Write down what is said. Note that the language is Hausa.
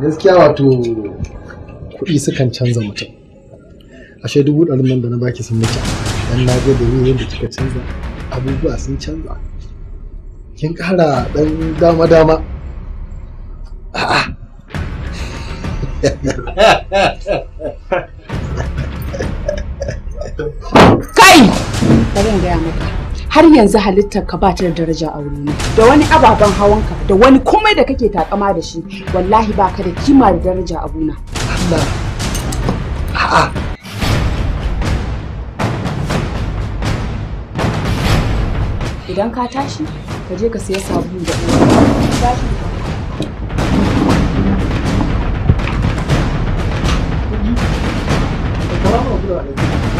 gaskiya wato kuɗi sukan canza mutum ashe dubu ɗari nan da na baki sun mutu dan na ga dalilin yadda kika canza abubuwa sun canza kin ƙara ɗan dama dama kai gaya maka har yanzu halittar ka ba ta da daraja a wurina da wani ababen ka, da wani komai da kake takama da shi wallahi ba ka da kima da daraja a buna Allah idan ka tashi ka je ka saya sabulu da Thank you.